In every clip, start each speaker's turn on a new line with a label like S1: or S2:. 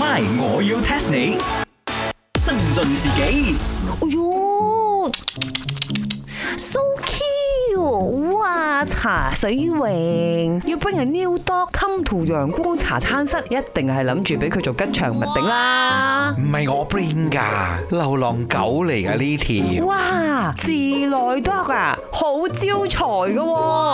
S1: My，我要 test 你，增進自己。哎呀，so cute，哇！茶水泳要 bringa new dog，come to 陽光茶
S2: 餐室，一定係諗住俾佢做吉祥物定啦。唔係我 bring 㗎，流浪狗嚟㗎呢條。
S1: 哇！自來 dog 啊，好招財嘅喎，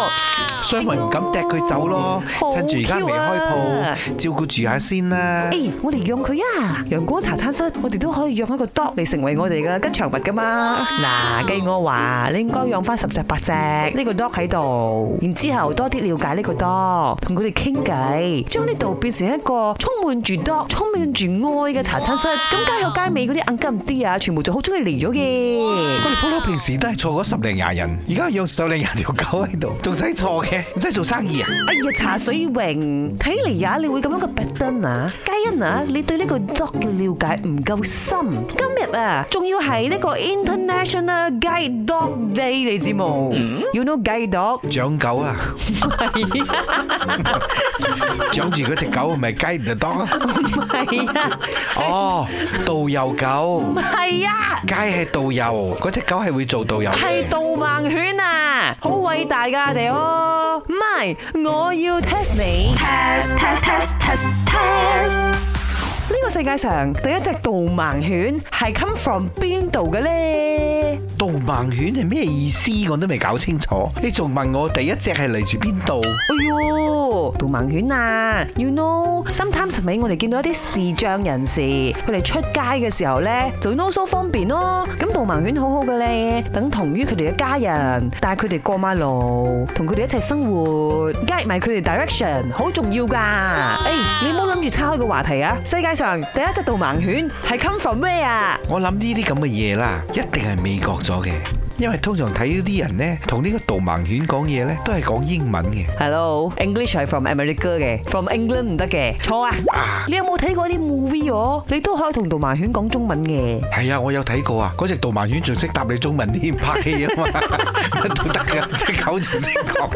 S2: 商民唔敢掟佢走咯，趁住而家未開鋪，照顧住下先啦。哎，
S1: 我哋養佢啊，陽光茶餐室，我哋都可以養一個 dog 嚟成為我哋嘅吉祥物噶嘛。嗱，既然我話，你應該養翻十隻八隻呢個 dog 喺度，然之後多啲瞭解呢個 dog，同佢哋傾偈，將呢度變成一個充滿住 dog、充滿住愛嘅茶餐室。咁街口街尾嗰啲銀金啲啊，全部就好中意嚟咗嘅。平時都係坐嗰十零廿人，而家有十零廿條狗喺度，
S2: 仲使坐嘅？
S1: 唔使做生意啊！哎呀，茶水榮，睇嚟呀，你會咁樣嘅 badness 啊？佳欣啊，你對呢個 dog 嘅了解唔夠深。今日啊，仲要係呢個 International Guide Dog Day 嚟，知冇？嗯，you know Guide Dog？掌狗啊！哈
S2: 哈哈哈哈！掌住嗰隻狗係咪 Guide Dog 啊？唔係啊！哦，導遊狗。係啊！guide 係導遊，嗰隻狗係。係會做導遊？係
S1: 導盲犬啊，好偉大㗎，哋哦。唔係，我要 test 你。試試試試試試呢個世界上第一隻導盲犬係 come from 邊度嘅咧？導盲犬係咩意思？我都未搞清楚。你仲問我第一隻係嚟自邊度？哎喲，導盲犬啊，you know，sometimes 咪我哋見到一啲視障人士，佢哋出街嘅時候咧就冇咁方便咯，啊。咁導盲犬好好嘅咧，等同於佢哋嘅家人，帶佢哋過馬路，同佢哋一齊生活，guide 埋佢哋 direction，好重要噶。誒、哎，你唔好諗住岔開個話題啊，世界。第一隻導盲犬係 come from where？
S2: 我諗呢啲咁嘅嘢啦，一定係美國咗嘅。因為通常睇呢啲人咧，同呢個導盲犬講嘢咧，都係講英文嘅。
S1: Hello，English 係 from America 嘅，from England 唔得嘅，錯啊！你有冇睇過啲 movie 哦？你都可以同導盲犬講中文嘅。
S2: 係啊，我有睇過啊！嗰隻導盲犬仲識答你中文添，拍戲啊嘛，都得㗎。隻狗仲識講，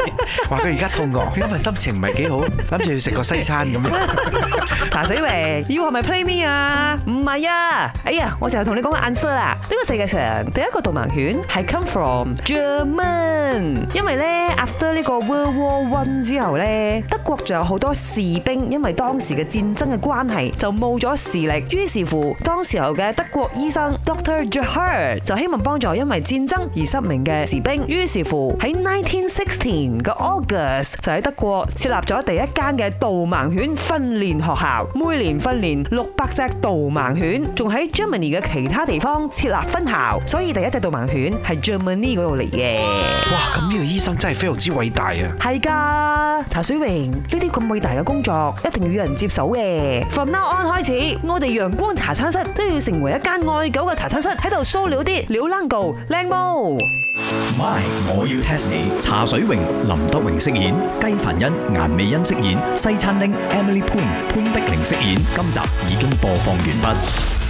S2: 話佢而家餓，今日心情唔係幾好，諗住要食個西餐咁樣。茶水明，
S1: 呢個係咪 Play Me 啊？唔係啊！哎呀，我成日同你講個 answer 啊。呢個世界上第一個導盲犬係。Come from Germany，因為咧 after 呢個 World War One 之後咧，德國仲有好多士兵，因為當時嘅戰爭嘅關係就冇咗視力。於是乎，當時候嘅德國醫生 Doctor Jehuer 就希望幫助因為戰爭而失明嘅士兵。於是乎喺1916年嘅 August 就喺德國設立咗第一間嘅導盲犬訓練學校，每年訓練六百隻導盲犬，仲喺 Germany 嘅其他地方設立分校。所以第一隻導盲犬係。Germany 嗰度嚟嘅，哇！咁呢個醫生真係非常之偉大啊！係㗎，茶水榮呢啲咁偉大嘅工作，一定要有人接手嘅。From now on 開始，我哋陽光茶餐室都要成為一間愛狗嘅茶餐室，喺度收留啲流浪狗、靚貓。My，我要 test 你。茶水榮，林德榮飾演，雞凡欣、顏美欣飾演，西餐廳 Emily Poon 潘潘碧玲飾演。今集已經播放完畢。